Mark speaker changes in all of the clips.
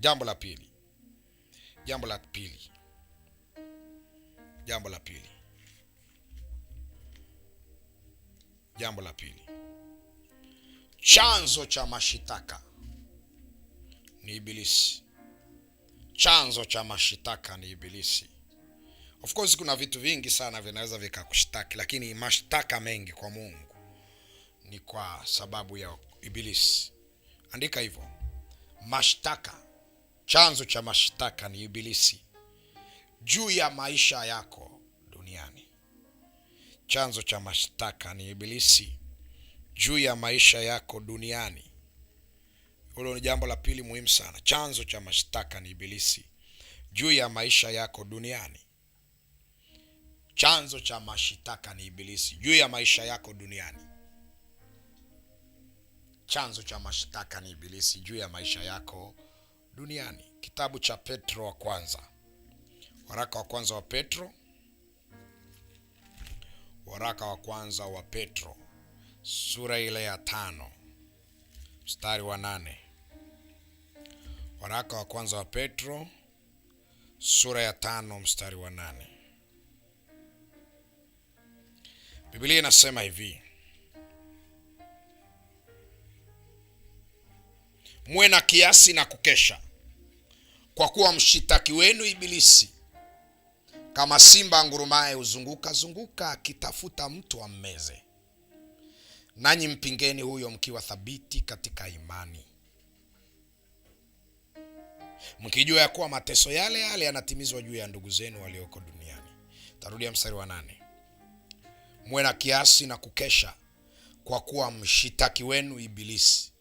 Speaker 1: Jambo la pili, jambo la pili, jambo la pili, jambo la pili, chanzo cha mashitaka ni Ibilisi. Chanzo cha mashitaka ni Ibilisi. Of course kuna vitu vingi sana vinaweza vikakushtaki, lakini mashtaka mengi kwa Mungu ni kwa sababu ya Ibilisi. Andika hivyo mashtaka chanzo cha mashtaka ni Ibilisi juu ya maisha yako duniani. Chanzo cha mashtaka ni Ibilisi juu ya maisha yako duniani. Hilo ni jambo la pili muhimu sana. Chanzo cha mashtaka ni Ibilisi juu ya maisha yako duniani. Chanzo cha mashtaka ni Ibilisi juu ya maisha yako duniani. Chanzo cha mashtaka ni Ibilisi juu ya maisha yako duniani. Kitabu cha Petro wa kwanza, waraka wa kwanza wa Petro, waraka wa kwanza wa Petro sura ile ya tano mstari wa nane. Waraka wa kwanza wa Petro sura ya tano mstari wa nane. Biblia inasema hivi: muwe na kiasi na kukesha, kwa kuwa mshitaki wenu Ibilisi kama simba angurumaye huzunguka zunguka akitafuta mtu ammeze. Nanyi mpingeni huyo mkiwa thabiti katika imani, mkijua ya kuwa mateso yale yale yanatimizwa juu ya ndugu zenu walioko duniani. Tarudia mstari wa nane: mwe na kiasi na kukesha, kwa kuwa mshitaki wenu Ibilisi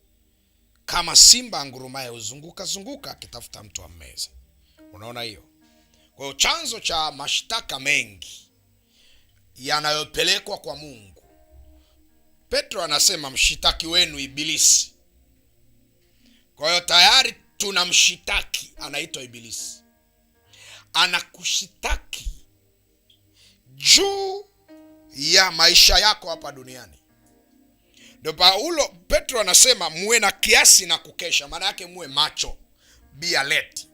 Speaker 1: kama simba angurumaye huzunguka zunguka akitafuta mtu wa mmeza. Unaona hiyo? Kwa hiyo chanzo cha mashtaka mengi yanayopelekwa kwa Mungu, Petro anasema mshitaki wenu Ibilisi. Kwa hiyo tayari tuna mshitaki anaitwa Ibilisi, anakushitaki juu ya maisha yako hapa duniani. Ndio Paulo Petro anasema muwe na kiasi na kukesha, maana yake muwe macho, be alert,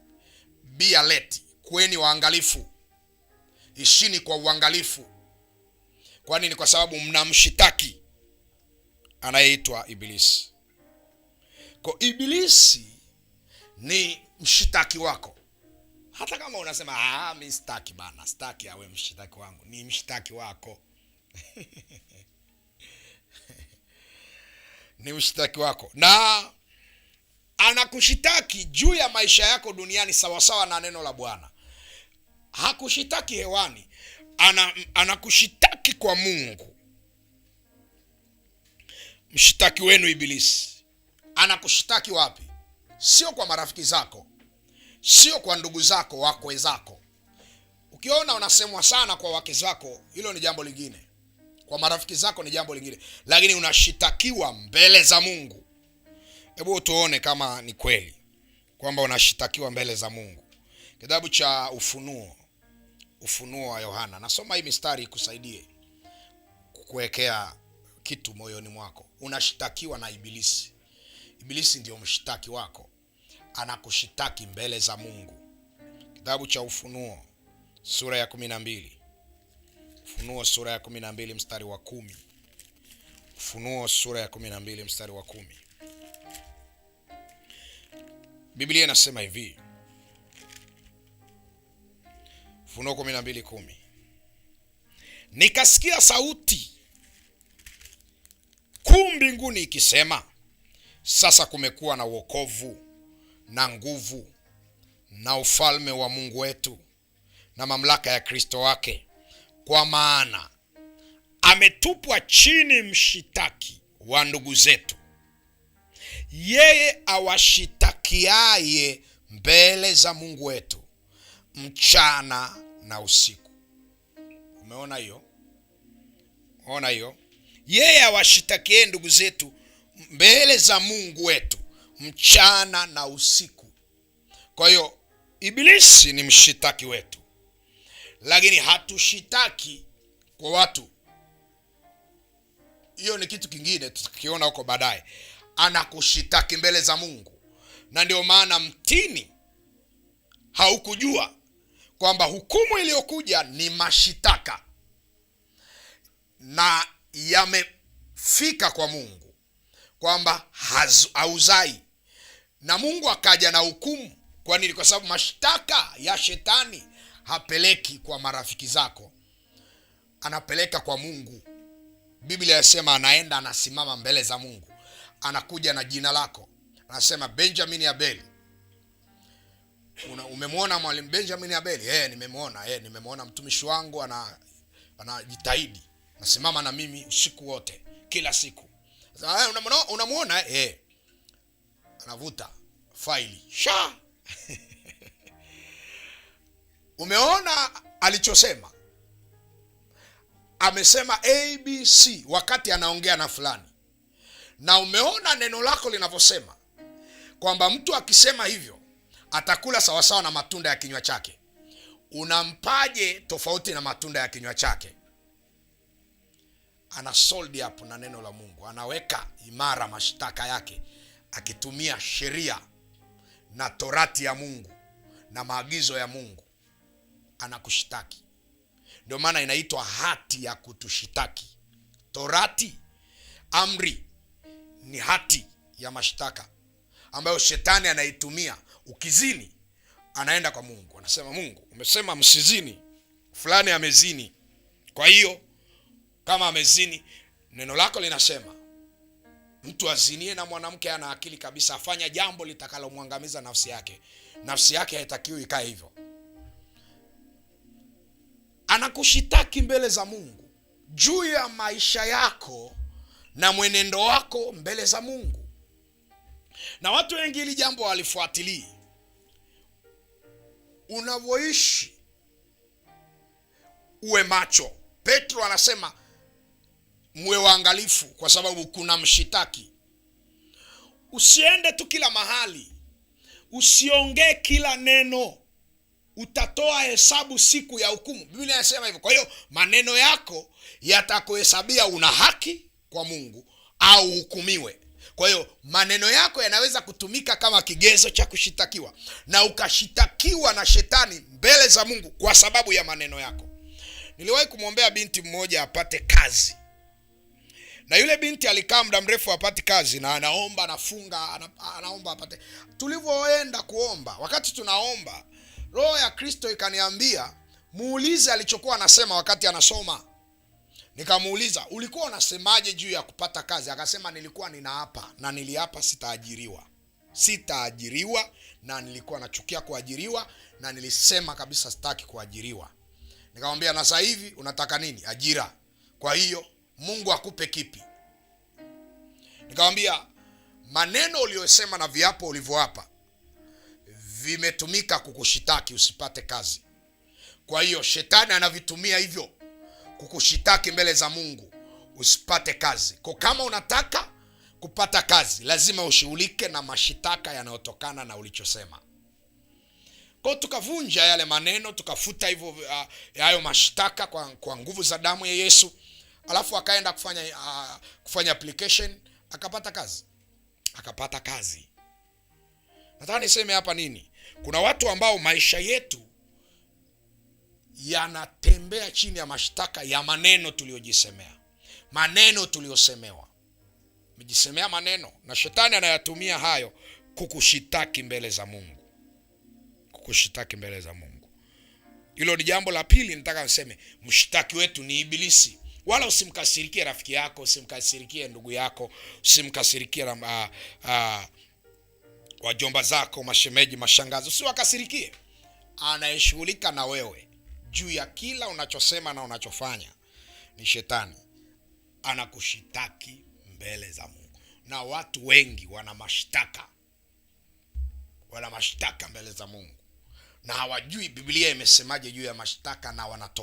Speaker 1: be alert, waangalifu, ishini kwa uangalifu. Kwani ni kwa sababu mnamshitaki anayeitwa Ibilisi. Kwa Ibilisi ni mshitaki wako, hata kama unasema ah, mi sitaki bana, sitaki awe mshitaki wangu, ni mshitaki wako ni mshtaki wako, na anakushitaki juu ya maisha yako duniani sawasawa na neno la Bwana. Hakushitaki hewani, ana anakushitaki kwa Mungu. Mshitaki wenu Ibilisi anakushitaki wapi? Sio kwa marafiki zako, sio kwa ndugu zako, wakwe zako. Ukiona unasemwa sana kwa wake zako, hilo ni jambo lingine kwa marafiki zako ni jambo lingine, lakini unashitakiwa mbele za Mungu. Hebu tuone kama ni kweli kwamba unashitakiwa mbele za Mungu. Kitabu cha Ufunuo, Ufunuo wa Yohana, nasoma hii mistari ikusaidie kuwekea kitu moyoni mwako. Unashitakiwa na Ibilisi. Ibilisi ndio mshtaki wako, anakushitaki mbele za Mungu. Kitabu cha Ufunuo sura ya kumi na mbili Ufunuo sura ya 12 mstari wa kumi. Ufunuo sura ya 12 mstari wa kumi. Biblia inasema hivi. Ufunuo 12:10. Nikasikia sauti kuu mbinguni ikisema, sasa kumekuwa na wokovu na nguvu na ufalme wa Mungu wetu na mamlaka ya Kristo wake kwa maana ametupwa chini mshitaki wa ndugu zetu, yeye awashitakiaye mbele za Mungu wetu mchana na usiku. Umeona hiyo? Ona hiyo, yeye awashitakiaye ndugu zetu mbele za Mungu wetu mchana na usiku. Kwa hiyo Ibilisi ni mshitaki wetu lakini hatushitaki kwa watu. Hiyo ni kitu kingine, tukiona huko baadaye. Anakushitaki mbele za Mungu, na ndio maana mtini haukujua kwamba hukumu iliyokuja ni mashitaka na yamefika kwa Mungu kwamba hauzai, na Mungu akaja na hukumu. Kwa nini? Kwa sababu mashtaka ya shetani hapeleki kwa marafiki zako, anapeleka kwa Mungu. Biblia yasema anaenda anasimama mbele za Mungu, anakuja na jina lako, anasema Benjamin Abeli. umemwona mwalimu Benjamin Abeli? hey, eh, nimemwona. hey, eh, nimemwona mtumishi wangu ana anajitahidi, nasimama na mimi usiku wote, kila siku. Eh, unamwona? hey. anavuta faili sha Umeona alichosema? Amesema ABC wakati anaongea na fulani, na umeona neno lako linavyosema kwamba mtu akisema hivyo atakula sawasawa na matunda ya kinywa chake. Unampaje tofauti na matunda ya kinywa chake? Ana sold up na neno la Mungu, anaweka imara mashtaka yake akitumia sheria na torati ya Mungu na maagizo ya Mungu anakushtaki. Ndio maana inaitwa hati ya kutushitaki. Torati, amri ni hati ya mashtaka ambayo shetani anaitumia. Ukizini anaenda kwa Mungu, anasema Mungu, umesema msizini, fulani amezini. Kwa hiyo kama amezini, neno lako linasema mtu azinie na mwanamke ana akili kabisa, afanya jambo litakalomwangamiza nafsi yake. Nafsi yake haitakiwi ikae hivyo anakushitaki mbele za Mungu juu ya maisha yako na mwenendo wako mbele za Mungu. Na watu wengi hili jambo walifuatilii, unavyoishi uwe macho. Petro anasema mwe waangalifu, kwa sababu kuna mshitaki. Usiende tu kila mahali, usiongee kila neno utatoa hesabu siku ya hukumu. Biblia inasema hivyo. Kwa hiyo maneno yako yatakuhesabia una haki kwa Mungu au hukumiwe. Kwa hiyo maneno yako yanaweza kutumika kama kigezo cha kushitakiwa na ukashitakiwa na shetani mbele za Mungu kwa sababu ya maneno yako. Niliwahi kumwombea binti mmoja apate kazi, na yule binti alikaa muda mrefu apate kazi, na anaomba anafunga anaomba apate. Tulivyoenda kuomba, wakati tunaomba roho ya Kristo ikaniambia muulize alichokuwa anasema wakati anasoma. Nikamuuliza, ulikuwa unasemaje juu ya kupata kazi? Akasema, nilikuwa ninaapa na niliapa sitaajiriwa, sitaajiriwa na nilikuwa nachukia kuajiriwa na nilisema kabisa sitaki kuajiriwa. Nikamwambia, na sasa hivi unataka nini? Ajira. Kwa hiyo Mungu akupe kipi? Nikamwambia, maneno uliyosema na viapo ulivyoapa vimetumika kukushitaki usipate kazi. Kwa hiyo shetani anavitumia hivyo kukushitaki mbele za Mungu usipate kazi. ko kama unataka kupata kazi, lazima ushughulike na mashitaka yanayotokana na ulichosema. ko tukavunja yale maneno, tukafuta hivyo ah, hayo uh, mashtaka kwa, kwa nguvu za damu ya Yesu, alafu akaenda kufanya uh, kufanya application akapata kazi, akapata kazi. Nataka niseme hapa nini? Kuna watu ambao maisha yetu yanatembea chini ya mashtaka ya maneno tuliyojisemea, maneno tuliyosemewa. Umejisemea maneno, na shetani anayatumia hayo kukushitaki mbele za Mungu, kukushitaki mbele za Mungu. Hilo ni jambo la pili. Nataka niseme mshtaki wetu ni Ibilisi. Wala usimkasirikie rafiki yako, usimkasirikie ndugu yako, usimkasirikie uh, uh, wajomba zako, mashemeji, mashangazi, usiwakasirikie. Anayeshughulika na wewe juu ya kila unachosema na unachofanya ni Shetani. Anakushitaki mbele za Mungu, na watu wengi wana mashtaka, wana mashtaka mbele za Mungu na hawajui Biblia imesemaje juu ya mashtaka na wanatoka